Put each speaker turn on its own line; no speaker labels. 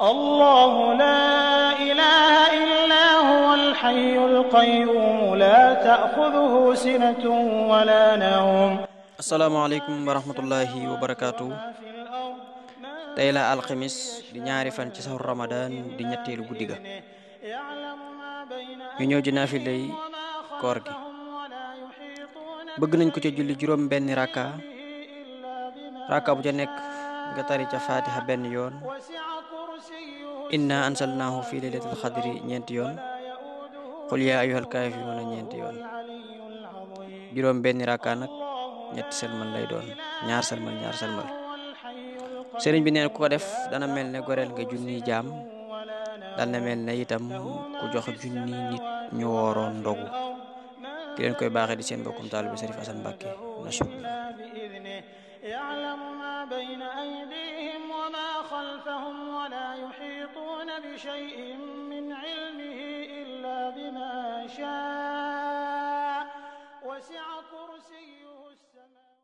الله لا إله إلا هو الحي القيوم لا تأخذه سنة ولا نوم
السلام عليكم ورحمة الله وبركاته تيلا الخميس دي di ñaari fan ci saxur ramadan di ñetteelu guddi ga ñu ñëw ji naafile koor gi bëgg nañ ko ci julli juroom benn raka raka bu ca nekk nga tari ca fatiha benn yoon inna ansalnaahu fi laylatil xadri ñeenti yoon qul yaa ayyuhal kaafiruuna ñeenti yoon juróom benn rakka nag ñetti selmal lay doon ñaar selmal ñaar sëriñ bi neen ku ko def dana mel ne goreel nga junni jaam dana mel ne itam ku jox junni nit ñu wooroon ndogu ki leen koy baaxee di seen bokkum taalibe Sëriñ Asan Mbàkke
na بشيء من علمه إلا بما شاء وسع كرسيه السماوات